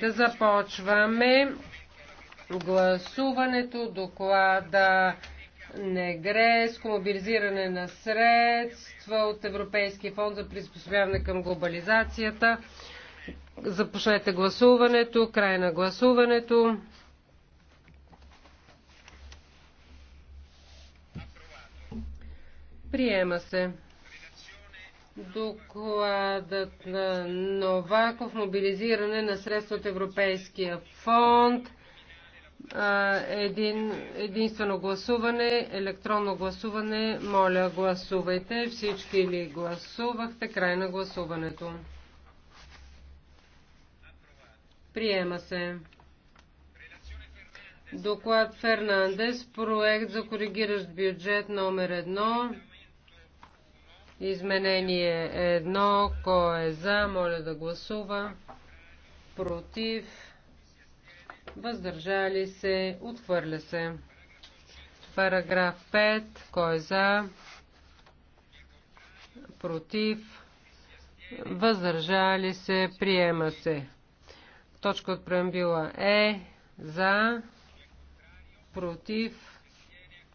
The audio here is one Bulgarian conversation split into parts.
да започваме гласуването, доклада Негреско, мобилизиране на средства от Европейския фонд за приспособяване към глобализацията. Започнете гласуването, край на гласуването. Приема се. Докладът на Новаков, мобилизиране на средства от Европейския фонд, един, единствено гласуване, електронно гласуване. Моля, гласувайте. Всички ли гласувахте? Край на гласуването. Приема се. Доклад Фернандес, проект за коригиращ бюджет номер едно. Изменение едно. Кой е за? Моля да гласува. Против. Въздържали се. Отхвърля се. Параграф 5. Кой е за? Против. Въздържали се. Приема се. Точка от преамбила е за. Против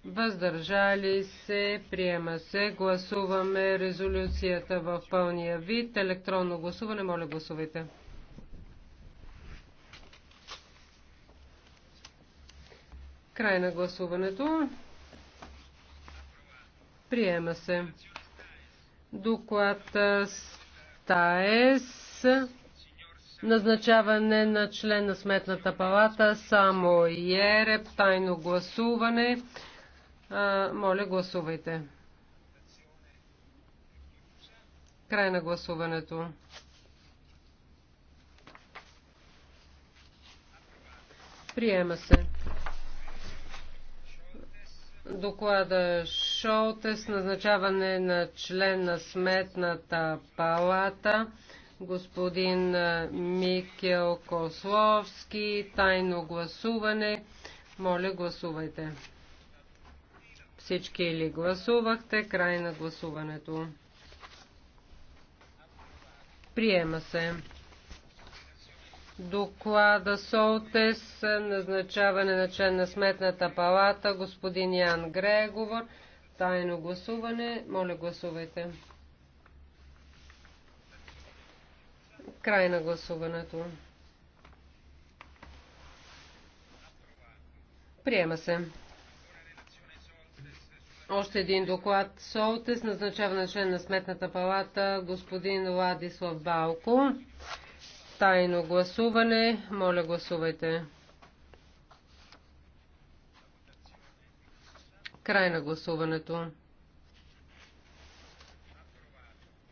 Въздържали се, приема се. Гласуваме резолюцията в пълния вид. Електронно гласуване, моля гласувайте. Край на гласуването. Приема се. Доклад ТАЕС. Назначаване на член на Сметната палата. Само ЕРЕП. Тайно гласуване. Моля, гласувайте. Край на гласуването. Приема се. Доклада с назначаване на член на сметната палата, господин Микел Кословски, тайно гласуване. Моля, гласувайте. Всички ли гласувахте? Край на гласуването. Приема се. Доклада Солтес, назначаване на член на Сметната палата, господин Ян Греговор. Тайно гласуване. Моля, гласувайте. Край на гласуването. Приема се. Още един доклад СОЛТЕС, назначава на член на Сметната палата, господин Владислав Балко. Тайно гласуване. Моля, гласувайте. Край на гласуването.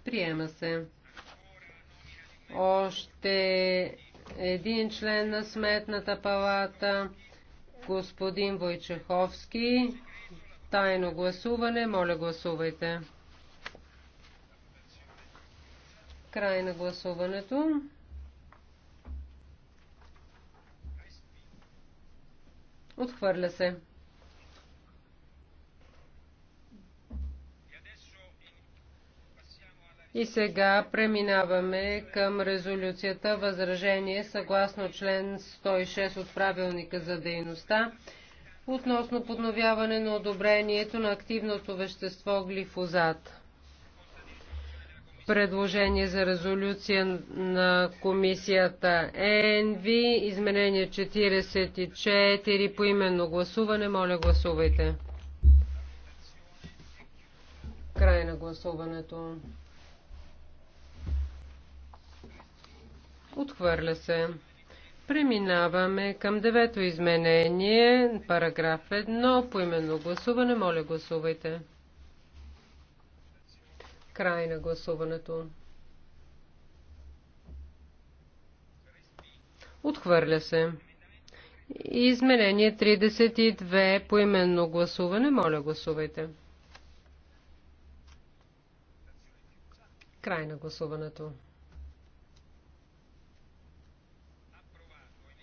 Приема се. Още един член на Сметната палата, господин Войчеховски. Тайно гласуване. Моля, гласувайте. Край на гласуването. Отхвърля се. И сега преминаваме към резолюцията възражение съгласно член 106 от правилника за дейността относно подновяване на одобрението на активното вещество глифозат. Предложение за резолюция на комисията ЕНВ, изменение 44 по именно гласуване. Моля, гласувайте. Край на гласуването. Отхвърля се. Преминаваме към девето изменение, параграф 1, по именно гласуване. Моля, гласувайте. Край на гласуването. Отхвърля се. Изменение 32 по именно гласуване. Моля, гласувайте. Край на гласуването.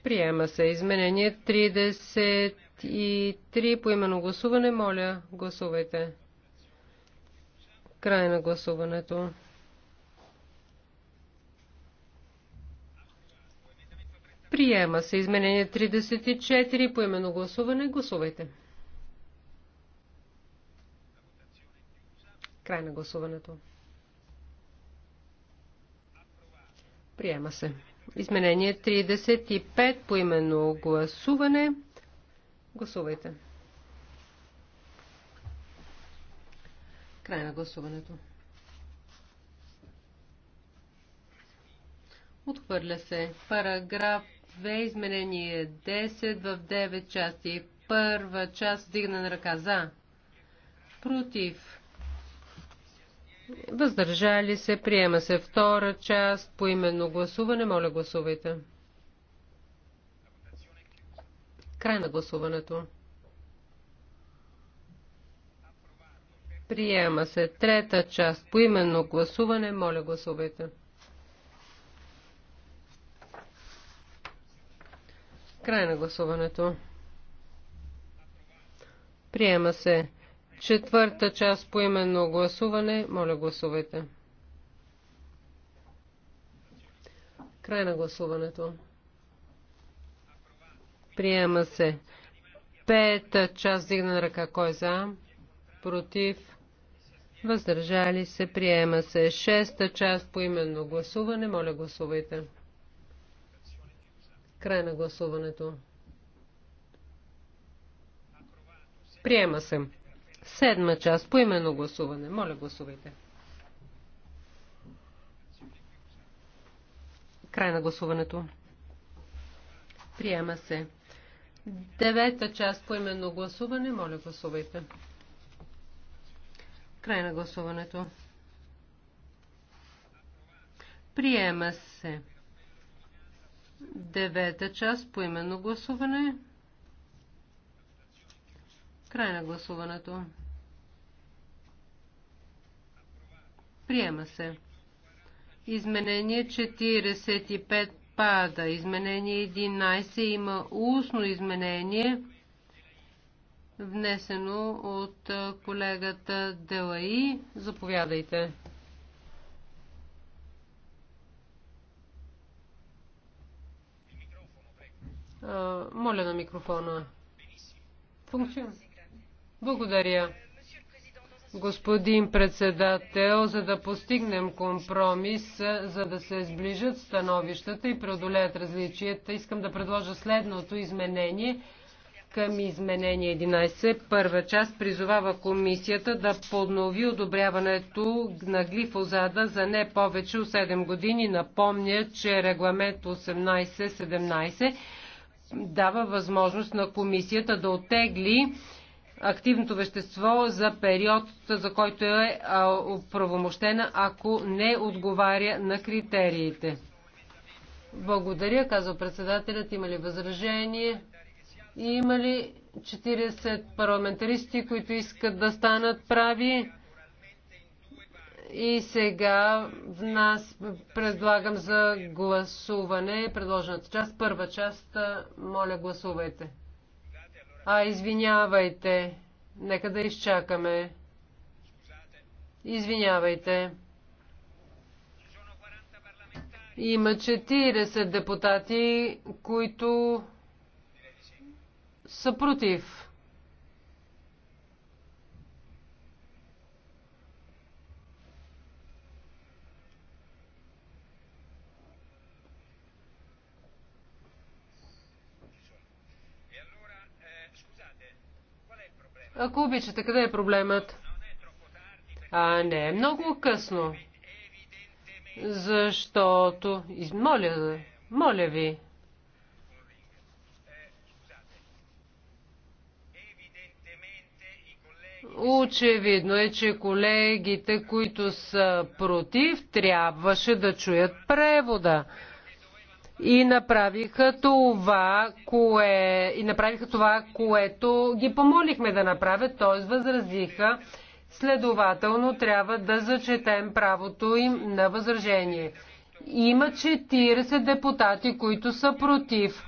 Приема се изменение 33 по именно гласуване. Моля, гласувайте. Край на гласуването. Приема се изменение 34 по именно гласуване. Гласувайте. Край на гласуването. Приема се. Изменение 35 по именно гласуване. Гласувайте. Край на гласуването. Отхвърля се. Параграф 2, изменение 10 в 9 части. Първа част, дигна на ръка за. Против. Въздържали се. Приема се втора част. По именно гласуване. Моля, гласувайте. Край на гласуването. Приема се трета част. По именно гласуване. Моля, гласувайте. Край на гласуването. Приема се Четвърта част по именно гласуване. Моля, гласувайте. Край на гласуването. Приема се. Пета част дигна ръка. Кой е за? Против? Въздържали се. Приема се. Шеста част по именно гласуване. Моля, гласувайте. Край на гласуването. Приема се. Седма част, по именно гласуване. Моля, гласувайте. Край на гласуването. Приема се. Девета част по именно гласуване. Моля, гласувайте. Край на гласуването. Приема се. Девета част по именно гласуване. Край на гласуването. Приема се. Изменение 45 пада. Изменение 11 има устно изменение, внесено от колегата Делаи. Заповядайте. Моля на микрофона. Функционира. Благодаря. Господин председател, за да постигнем компромис, за да се сближат становищата и преодолеят различията, искам да предложа следното изменение към изменение 11. Първа част призовава комисията да поднови одобряването на глифозада за не повече от 7 години. Напомня, че регламент 1817 дава възможност на комисията да отегли активното вещество за период, за който е оправомощена, ако не отговаря на критериите. Благодаря, казва председателят. Има ли възражение? има ли 40 парламентаристи, които искат да станат прави? И сега в нас предлагам за гласуване предложената част. Първа част, моля гласувайте. А, извинявайте. Нека да изчакаме. Извинявайте. Има 40 депутати, които са против. Ако обичате, къде е проблемът? А, не, е много късно. Защото... Моля, моля ви. Очевидно е, че колегите, които са против, трябваше да чуят превода и направиха това, кое, и направиха това което ги помолихме да направят, т.е. възразиха. Следователно трябва да зачетем правото им на възражение. Има 40 депутати, които са против.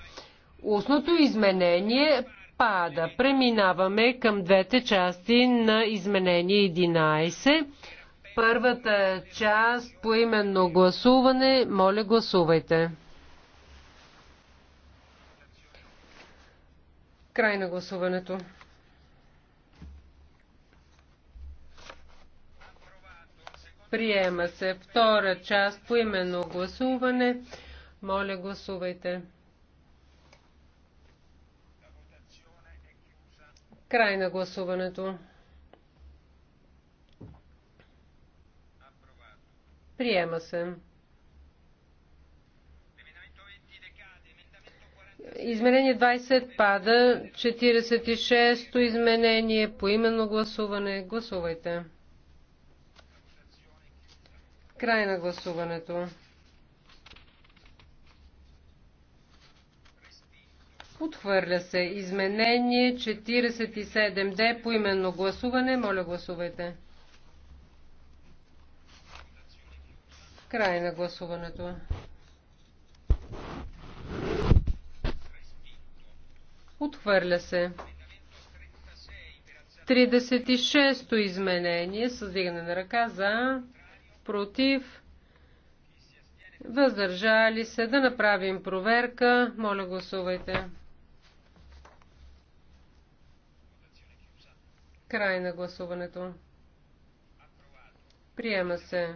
Устното изменение пада. Преминаваме към двете части на изменение 11. Първата част по именно гласуване. Моля, гласувайте. Край на гласуването. Приема се втора част по именно гласуване. Моля, гласувайте. Край на гласуването. Приема се. Изменение 20 пада. 46-то изменение по именно гласуване. Гласувайте. Край на гласуването. Отхвърля се изменение 47D по именно гласуване. Моля гласувайте. Край на гласуването. Отхвърля се. 36-то изменение с дигане на ръка за, против, въздържали се. Да направим проверка. Моля, гласувайте. Край на гласуването. Приема се.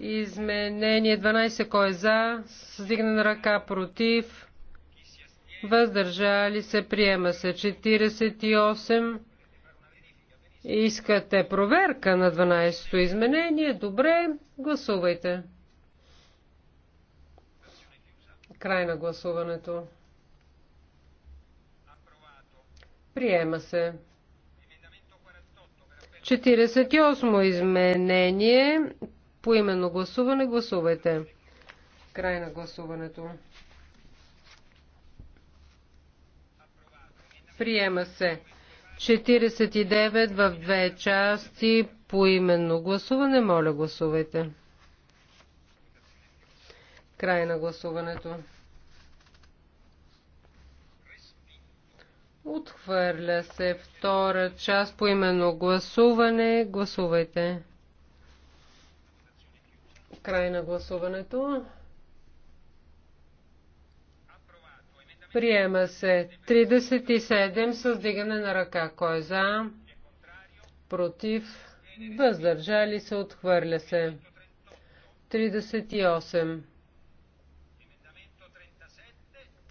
Изменение 12. Кой е за? Сдигна на ръка против въздържали се, приема се 48. Искате проверка на 12-то изменение? Добре, гласувайте. Край на гласуването. Приема се. 48 изменение. По именно гласуване гласувайте. Край на гласуването. Приема се. 49 в две части по именно гласуване. Моля, гласувайте. Край на гласуването. Отхвърля се втора част по именно гласуване. Гласувайте. Край на гласуването. Приема се 37 с дигане на ръка. Кой е за? Против? Въздържали се? Отхвърля се. 38.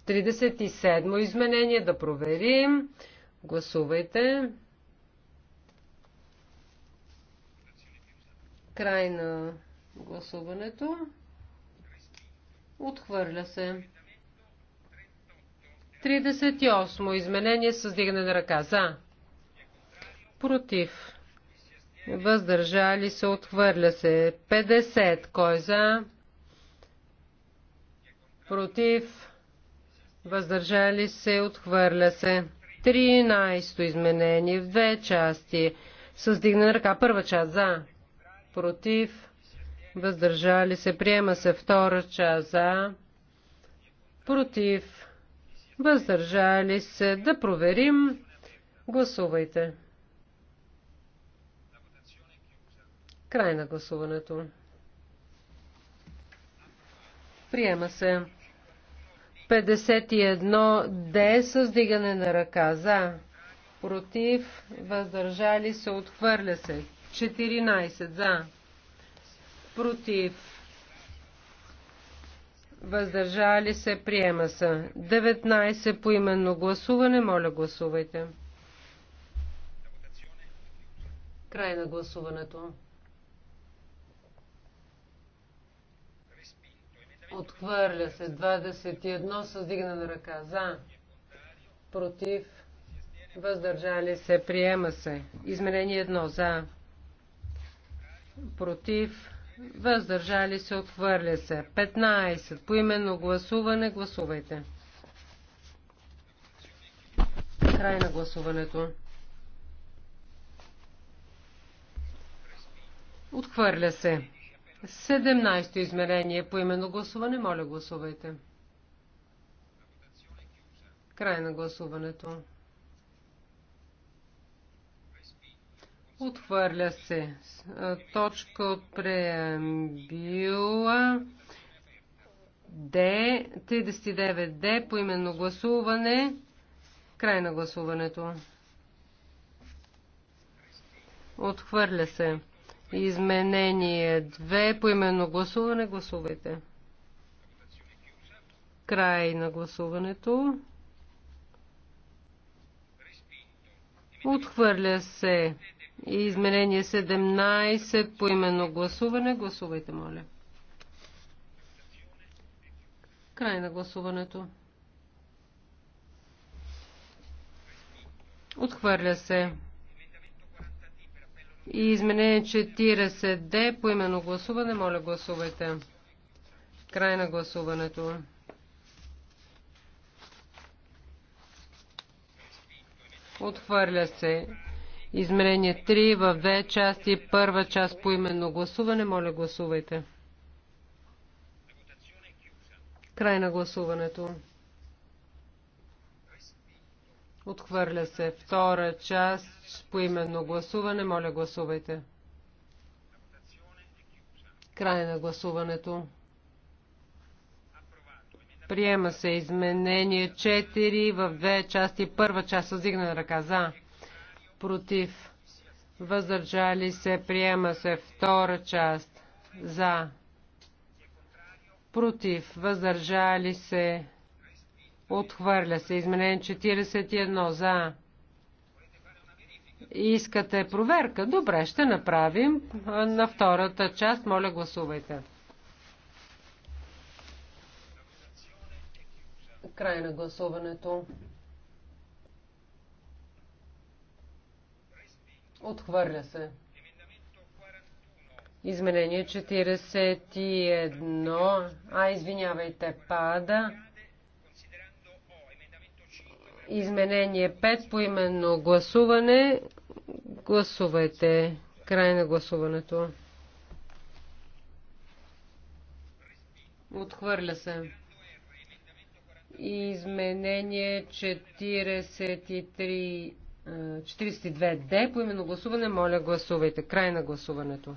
37 изменение да проверим. Гласувайте. Край на гласуването. Отхвърля се. 38 изменение с дигане на ръка. За. Против. Въздържали се. Отхвърля се. 50. Кой е за? Против. Въздържали се. Отхвърля се. 13 изменение в две части. С дигане на ръка. Първа част. За. Против. Въздържали се. Приема се. Втора част. За. Против въздържали се да проверим. Гласувайте. Край на гласуването. Приема се. 51 Д с дигане на ръка. За. Против. Въздържали се. Отхвърля се. 14 за. Против въздържали се, приема се. 19 по именно гласуване, моля гласувайте. Край на гласуването. Отхвърля се 21 с дигна на ръка. За. Против. Въздържали се. Приема се. Изменение 1. За. Против въздържали се, отхвърля се. 15. Поименно гласуване, гласувайте. Край на гласуването. Отхвърля се. 17 измерение по именно гласуване. Моля, гласувайте. Край на гласуването. Отхвърля се. Точка от преамбила. Д. 39 Д. По именно гласуване. Край на гласуването. Отхвърля се. Изменение 2. По именно гласуване. Гласувайте. Край на гласуването. Отхвърля се. Изменение 17 по именно гласуване. Гласувайте, моля. Край на гласуването. Отхвърля се. И изменение 40D по именно гласуване. Моля, гласувайте. Край на гласуването. Отхвърля се. Изменение 3 в две части. Първа част по именно гласуване. Моля, гласувайте. Край на гласуването. Отхвърля се. Втора част по именно гласуване. Моля, гласувайте. Край на гласуването. Приема се изменение 4 в две части. Първа част с ръка за против, въздържали се, приема се втора част, за, против, въздържали се, отхвърля се, изменен 41, за. Искате проверка? Добре, ще направим. На втората част, моля, гласувайте. Край на гласуването. Отхвърля се. Изменение 41. А, извинявайте, пада. Изменение 5 по именно гласуване. Гласувайте. Край на гласуването. Отхвърля се. Изменение 43 42D. По именно гласуване, моля гласувайте. Край на гласуването.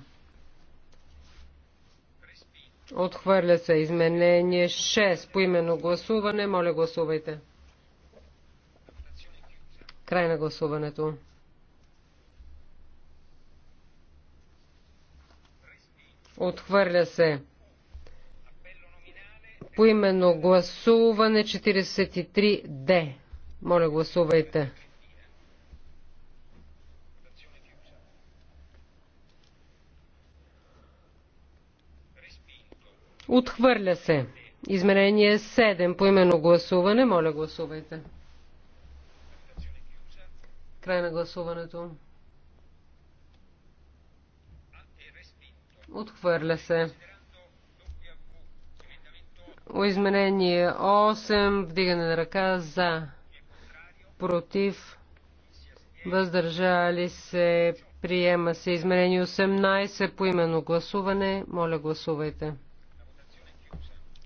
Отхвърля се изменение 6. По именно гласуване, моля гласувайте. Край на гласуването. Отхвърля се. По именно гласуване 43D. Моля гласувайте. Отхвърля се. Изменение 7 по именно гласуване. Моля, гласувайте. Край на гласуването. Отхвърля се. Изменение 8. Вдигане на ръка за. Против. Въздържали се. Приема се. Изменение 18. По именно гласуване. Моля, гласувайте.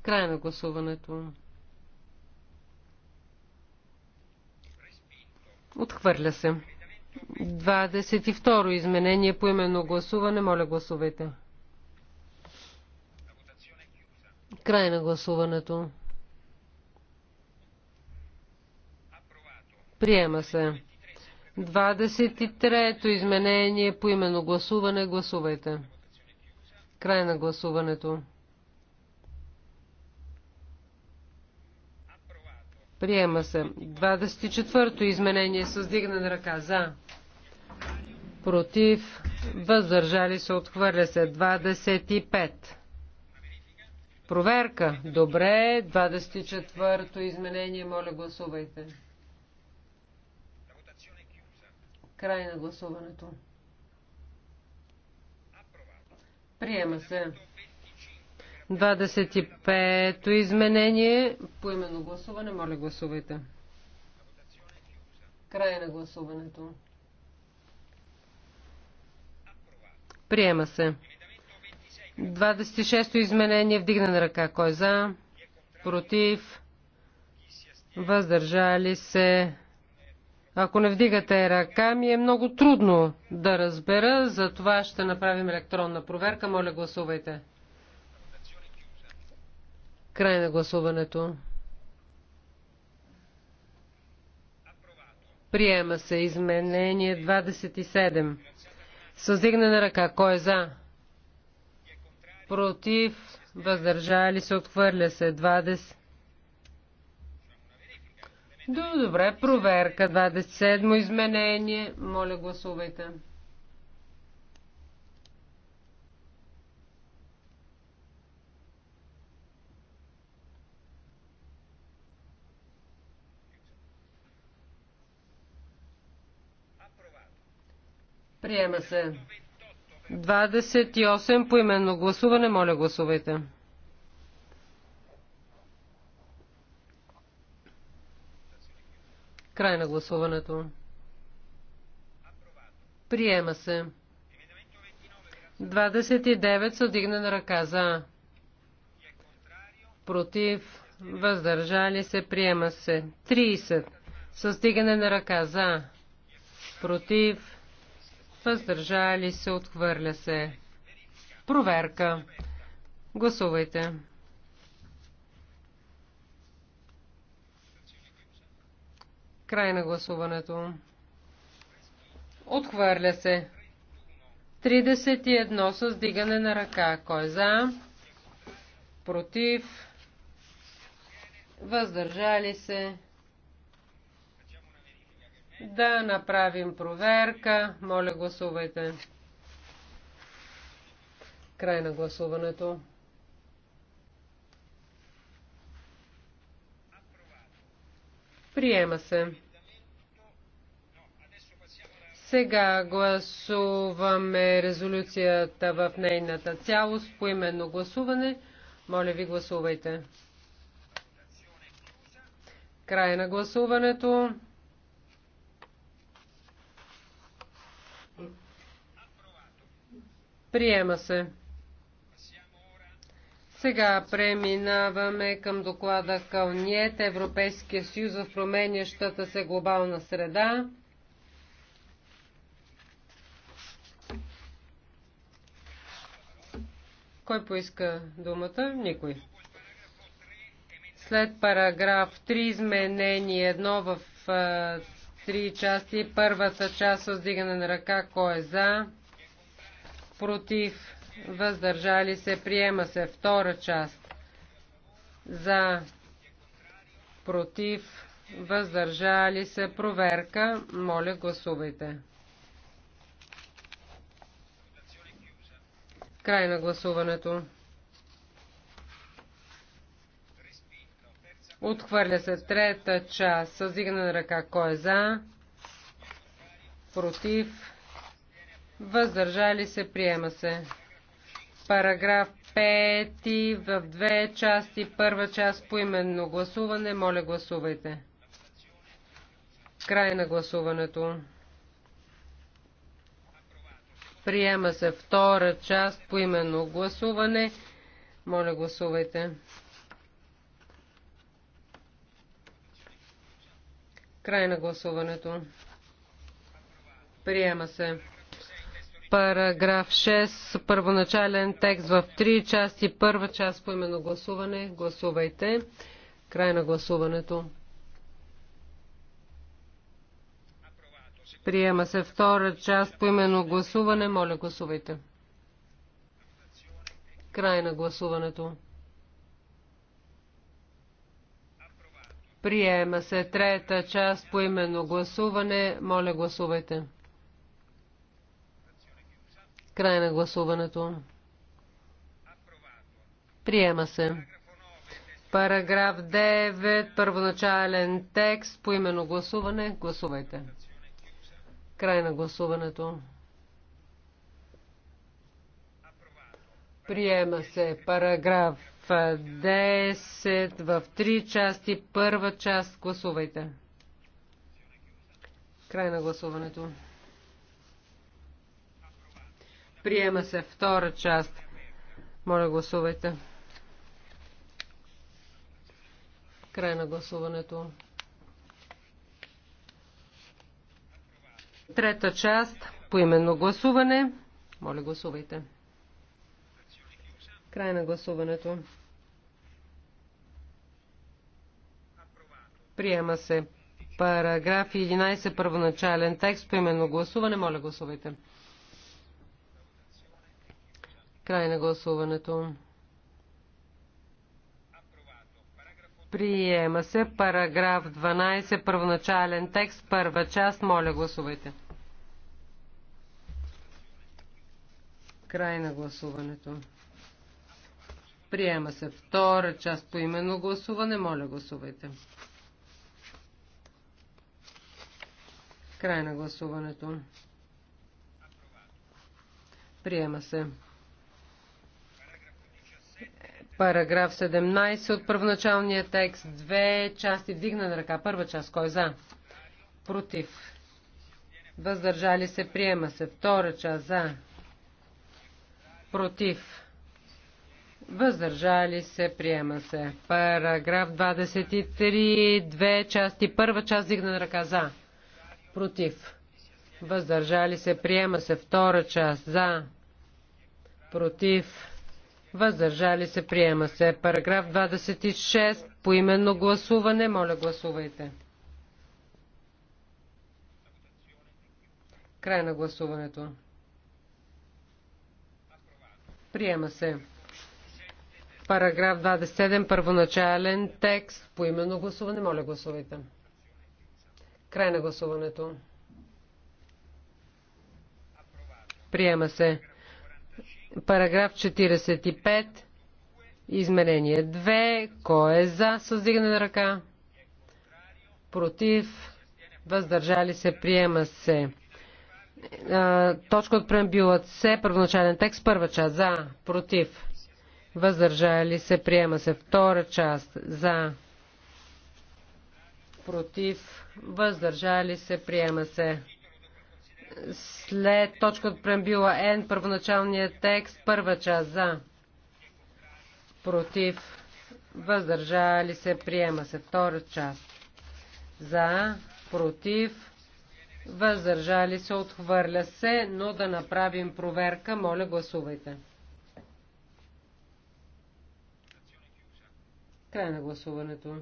Край на гласуването. Отхвърля се. 22 изменение по именно гласуване. Моля гласувайте. Край на гласуването. Приема се. 23-то изменение по именно гласуване. Гласувайте. Край на гласуването. Приема се. 24-то изменение с дигане на ръка. За. Против. Въздържали се. Отхвърля се. 25. Проверка. Добре. 24-то изменение. Моля, гласувайте. Край на гласуването. Приема се. 25-то изменение. По именно гласуване. Моля, гласувайте. Край на гласуването. Приема се. 26-то изменение. Вдигнана ръка. Кой е за? Против? Въздържали се? Ако не вдигате ръка, ми е много трудно да разбера, затова ще направим електронна проверка. Моля, гласувайте. Край на гласуването. Приема се изменение 27. Създигна на ръка. Кой е за? Против. Въздържали се. Отхвърля се. 20. Добре, проверка. 27 изменение. Моля, гласувайте. Приема се. 28 по именно гласуване. Моля, гласувайте. Край на гласуването. Приема се. 29 са на ръка за. Против. Въздържали се. Приема се. 30 са дигане на ръка за. Против въздържали се, отхвърля се. Проверка. Гласувайте. Край на гласуването. Отхвърля се. 31 с дигане на ръка. Кой е за? Против? Въздържали се? Да направим проверка. Моля, гласувайте. Край на гласуването. Приема се. Сега гласуваме резолюцията в нейната цялост по именно гласуване. Моля ви, гласувайте. Край на гласуването. Приема се. Сега преминаваме към доклада Кълниет Европейския съюз в променящата се глобална среда. Кой поиска думата? Никой. След параграф 3 изменение 1 в 3 части. Първата част с дигане на ръка. Кой е за? против, въздържали се, приема се. Втора част за, против, въздържали се, проверка. Моля, гласувайте. Край на гласуването. Отхвърля се трета част. Съзигна на ръка. Кой е за? Против? въздържали се, приема се. Параграф 5 в две части, първа част по именно гласуване, моля гласувайте. Край на гласуването. Приема се втора част по именно гласуване. Моля, гласувайте. Край на гласуването. Приема се. Параграф 6, първоначален текст в три части. Първа част по именно гласуване. Гласувайте. Край на гласуването. Приема се втора част по именно гласуване. Моля, гласувайте. Край на гласуването. Приема се трета част по именно гласуване. Моля, гласувайте. Край на гласуването. Приема се. Параграф 9, първоначален текст, по имено гласуване. Гласувайте. Край на гласуването. Приема се параграф 10 в 3 части. Първа част. Гласувайте. Край на гласуването. Приема се втора част. Моля, гласувайте. Край на гласуването. Трета част. Поименно гласуване. Моля, гласувайте. Край на гласуването. Приема се. Параграф 11, първоначален текст, поименно гласуване. Моля, гласувайте. Край на гласуването. Приема се параграф 12, първоначален текст, първа част. Моля, гласувайте. Край на гласуването. Приема се втора част по именно гласуване. Моля, гласувайте. Край на гласуването. Приема се. Параграф 17 от първоначалния текст. Две части вдигна на ръка. Първа част. Кой е за? Против. Въздържали се. Приема се. Втора част. За. Против. Въздържали се. Приема се. Параграф 23. Две части. Първа част. Вдигна на ръка. За. Против. Въздържали се. Приема се. Втора част. За. Против въздържали се, приема се. Параграф 26, по именно гласуване, моля гласувайте. Край на гласуването. Приема се. Параграф 27, първоначален текст, по именно гласуване, моля гласувайте. Край на гласуването. Приема се. Параграф 45. Изменение 2. Кой е за? Създигане на ръка. Против. Въздържали се. Приема се. Точка от преамбюла се. Първоначален текст. Първа част. За. Против. Въздържали се. Приема се. Втора част. За. Против. Въздържали се. Приема се след точка от преамбила Н, първоначалният текст, първа част за, против, въздържали се, приема се, втора част за, против, въздържали се, отхвърля се, но да направим проверка, моля гласувайте. Край на гласуването.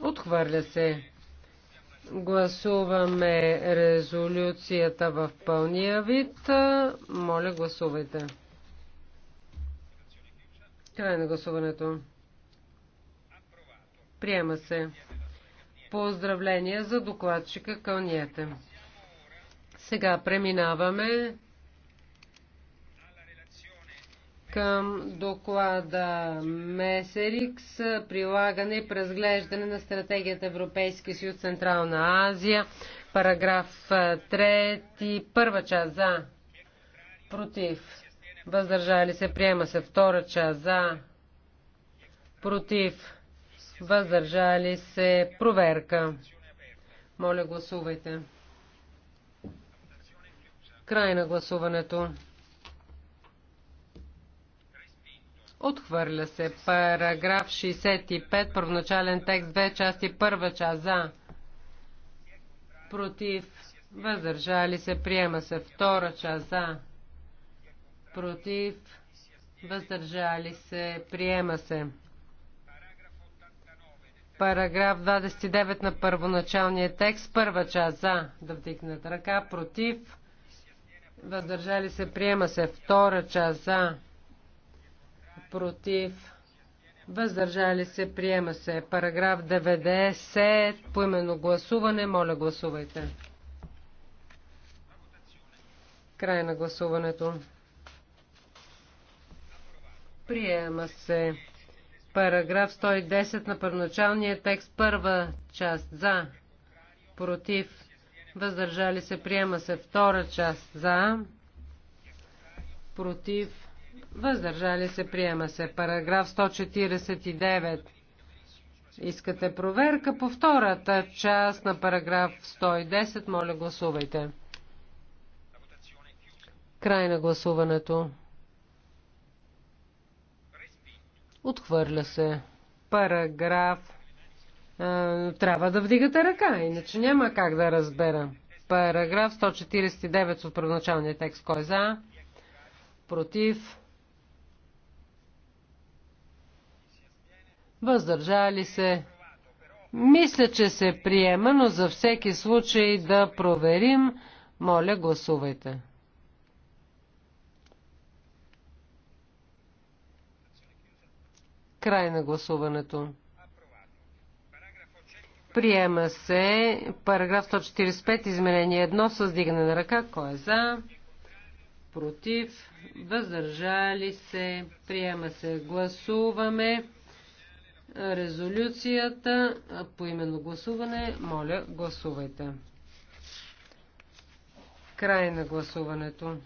Отхвърля се. Гласуваме резолюцията в пълния вид. Моля, гласувайте. Край на гласуването. Приема се. Поздравления за докладчика Кълниете. Сега преминаваме към доклада Месерикс, прилагане и разглеждане на стратегията Европейски съюз Централна Азия, параграф 3, първа част за, против, въздържали се, приема се, втора част за, против, въздържали се, проверка. Моля, гласувайте. Край на гласуването. Отхвърля се. Параграф 65, първоначален текст, две части, първа част за. Против. Въздържали се. Приема се. Втора част за. Против. Въздържали се. Приема се. Параграф 29 на първоначалния текст. Първа част за. Да вдигнат ръка. Против. Въздържали се. Приема се. Втора част за против, въздържали се, приема се. Параграф 90, поименно гласуване, моля гласувайте. Край на гласуването. Приема се. Параграф 110 на първоначалния текст, първа част за, против, въздържали се, приема се втора част за, против, Въздържали се, приема се. Параграф 149. Искате проверка по втората част на параграф 110. Моля, гласувайте. Край на гласуването. Отхвърля се. Параграф. А, трябва да вдигате ръка, иначе няма как да разбера. Параграф 149 от първоначалния текст. Кой е за? Против? въздържали се. Мисля, че се приема, но за всеки случай да проверим. Моля, гласувайте. Край на гласуването. Приема се параграф 145, изменение 1 с дигане на ръка. Кой е за? Против? Въздържали се? Приема се. Гласуваме резолюцията по именно гласуване. Моля, гласувайте. Край на гласуването.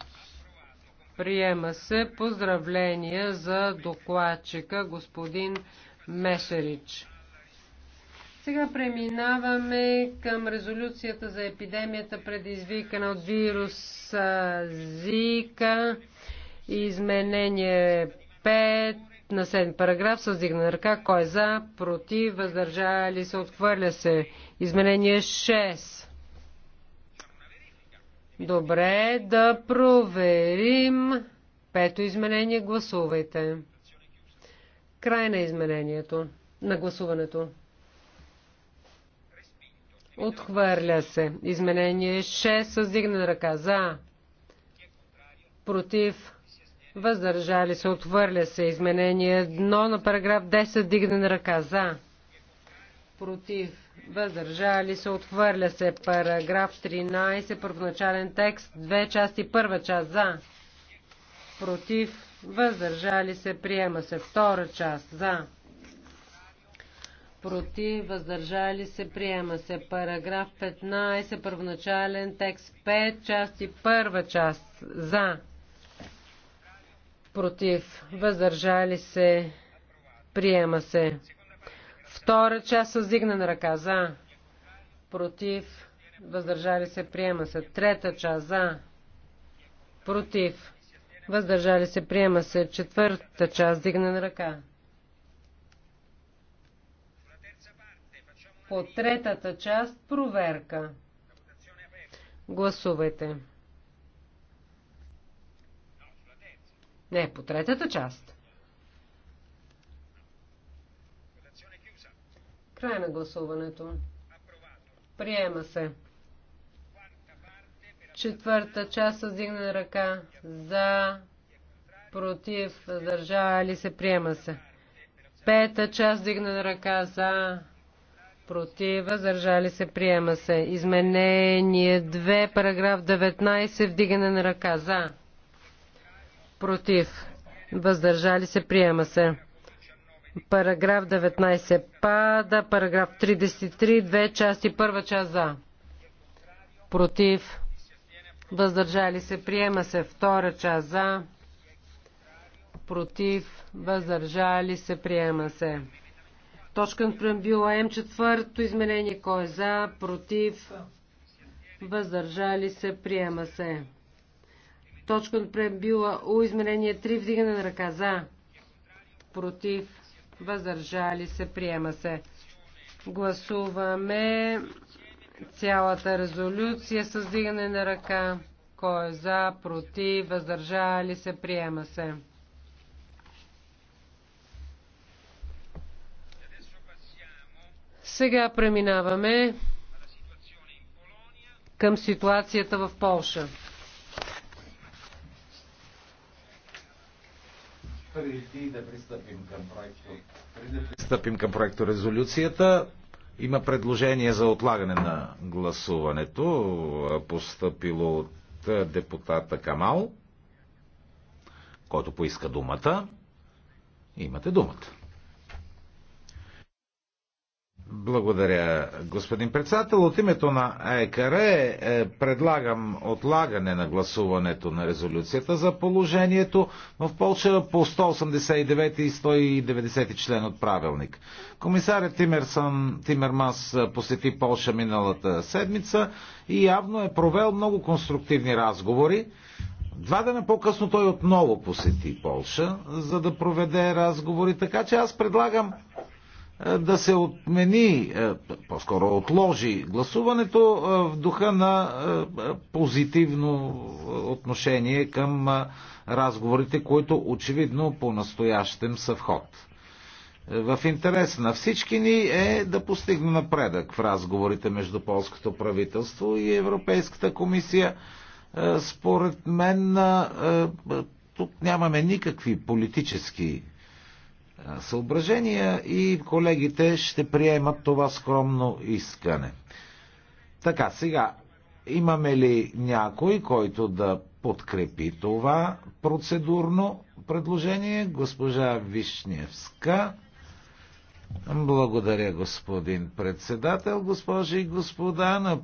Приема се поздравление за докладчика господин Мешерич. Сега преминаваме към резолюцията за епидемията, предизвикана от вируса Зика. Изменение 5 на 7 параграф с дигна ръка. Кой е за? Против? Въздържали се? Отхвърля се. Изменение 6. Добре, да проверим. Пето изменение. Гласувайте. Край на изменението. На гласуването. Отхвърля се. Изменение 6 с дигна ръка. За. Против. Въздържали се. Отвърля се. Изменение едно на параграф 10. Дигне на ръка. За. Против. Въздържали се. Отвърля се. Параграф 13. Първоначален текст. Две части. Първа част. За. Против. Въздържали се. Приема се. Втора част. За. Против. Въздържали се. Приема се. Параграф 15. Първоначален текст. 5 части. Първа част. За против, въздържали се, приема се. Втора част с на ръка за, против, въздържали се, приема се. Трета част за, против, въздържали се, приема се. Четвърта част на ръка. По третата част проверка. Гласувайте. Не, по третата част. Край на гласуването. Приема се. Четвърта част с дигна ръка. За, против, въздържали се, приема се. Пета част дигна ръка. За, против, въздържали се, приема се. Изменение 2, параграф 19, вдигане на ръка. За против, въздържали се, приема се. Параграф 19 пада, параграф 33, две части, първа част за, против, въздържали се, приема се, втора част за, против, въздържали се, приема се. Точка на преамбюла М, четвърто изменение, кой е за, против, въздържали се, приема се точка от преамбюла У, изменение 3, вдигане на ръка за, против, въздържали се, приема се. Гласуваме цялата резолюция с вдигане на ръка. Кой е за, против, въздържали се, приема се. Сега преминаваме към ситуацията в Полша. Преди да пристъпим към проекто, да пристъпим към проекто резолюцията, има предложение за отлагане на гласуването, постъпило от депутата Камал, който поиска думата. Имате думата. Благодаря, господин председател. От името на ЕКРЕ предлагам отлагане на гласуването на резолюцията за положението в Польша по 189 и 190 член от правилник. Комисарят Тимерсън, Тимермас посети Польша миналата седмица и явно е провел много конструктивни разговори. Два дена по-късно той отново посети Полша, за да проведе разговори. Така че аз предлагам е, да се отмени, е, по-скоро отложи гласуването е, в духа на позитивно отношение към разговорите, които очевидно по-настоящем са в ход. В интерес на всички ни е да постигне напредък в разговорите между полското правителство и Европейската комисия. Според мен тук нямаме никакви политически съображения и колегите ще приемат това скромно искане. Така, сега, имаме ли някой, който да подкрепи това процедурно предложение? Госпожа Вишневска. Благодаря, господин председател, госпожи и господа. На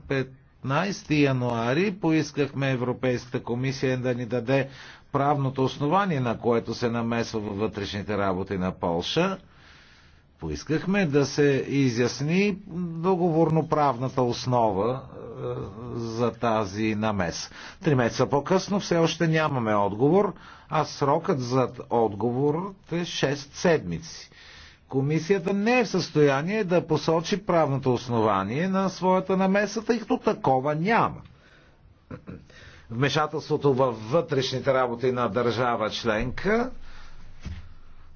15 януари поискахме Европейската комисия да ни даде правното основание, на което се намесва във вътрешните работи на Полша. Поискахме да се изясни договорноправната основа е, за тази намес. Три месеца по-късно все още нямаме отговор, а срокът за отговор е 6 седмици. Комисията не е в състояние да посочи правното основание на своята намеса, тъй като такова няма. Вмешателството във вътрешните работи на държава членка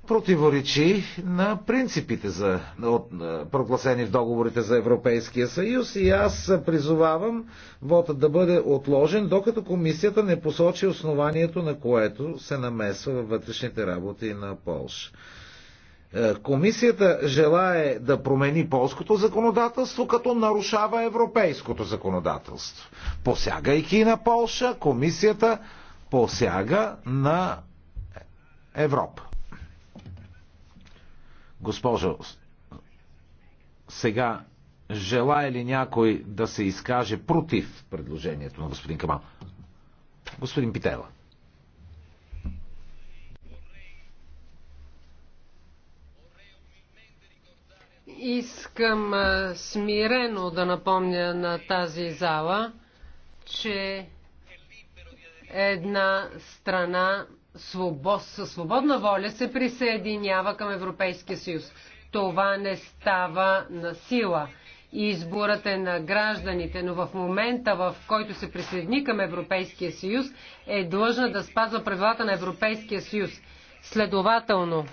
противоречи на принципите за, от, прогласени в договорите за Европейския съюз и аз призовавам вотът да бъде отложен, докато комисията не посочи основанието, на което се намесва във вътрешните работи на Полша. Е, комисията желае да промени полското законодателство, като нарушава европейското законодателство. Посягайки на Полша, комисията посяга на Европа. Госпожо, сега желая ли някой да се изкаже против предложението на господин Камал? Господин Питела. Искам смирено да напомня на тази зала, че една страна свобод, със свободна воля се присъединява към Европейския съюз. Това не става на сила. Изборът е на гражданите, но в момента, в който се присъедини към Европейския съюз, е длъжна да спазва правилата на Европейския съюз. Следователно,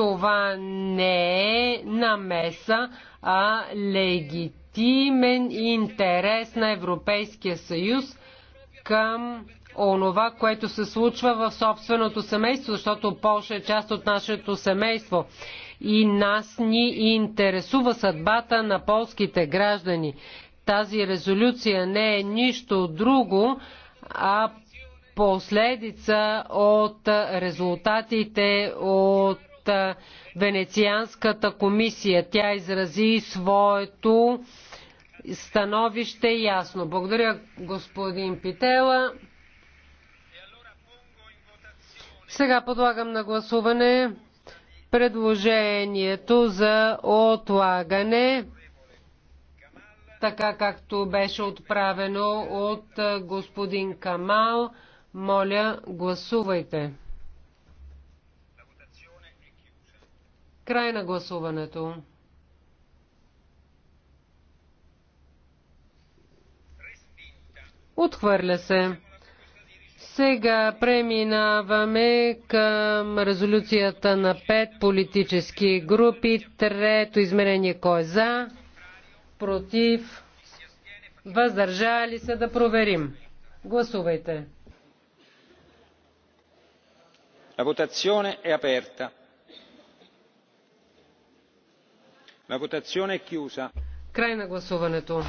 Това не е намеса, а легитимен интерес на Европейския съюз към онова, което се случва в собственото семейство, защото Польша е част от нашето семейство. И нас ни интересува съдбата на полските граждани. Тази резолюция не е нищо друго, а последица от резултатите от Венецианската комисия. Тя изрази своето становище ясно. Благодаря, господин Питела. Сега подлагам на гласуване предложението за отлагане, така както беше отправено от господин Камал. Моля, гласувайте. Край на гласуването. Отхвърля се. Сега преминаваме към резолюцията на пет политически групи. Трето измерение кой е за, против, въздържали се да проверим. Гласувайте. La votazione è aperta. Край на гласуването.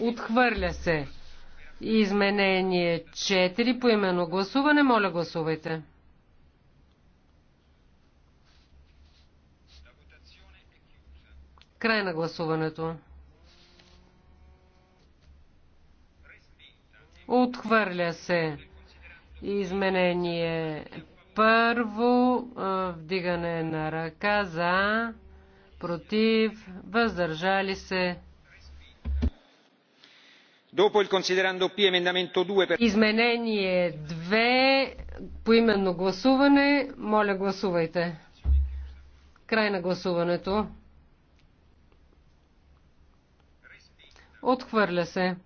Отхвърля се. Изменение 4 по именно гласуване. Моля гласувайте. Край на гласуването. Отхвърля се. Изменение първо, вдигане на ръка за, против, въздържали се. Dopo il considerando P emendamento 2 per... Изменение 2, по именно гласуване. Моля, гласувайте. Край на гласуването. Отхвърля се.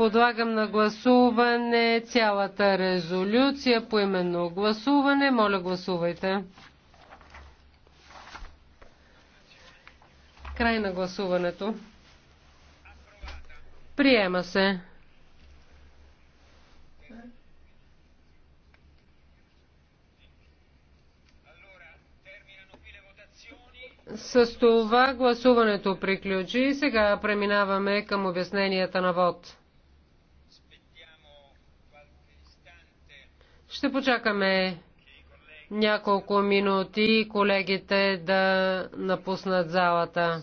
Подлагам на гласуване цялата резолюция по именно гласуване. Моля, гласувайте. Край на гласуването. Приема се. С това гласуването приключи. Сега преминаваме към обясненията на ВОД. Ще почакаме няколко минути колегите да напуснат залата.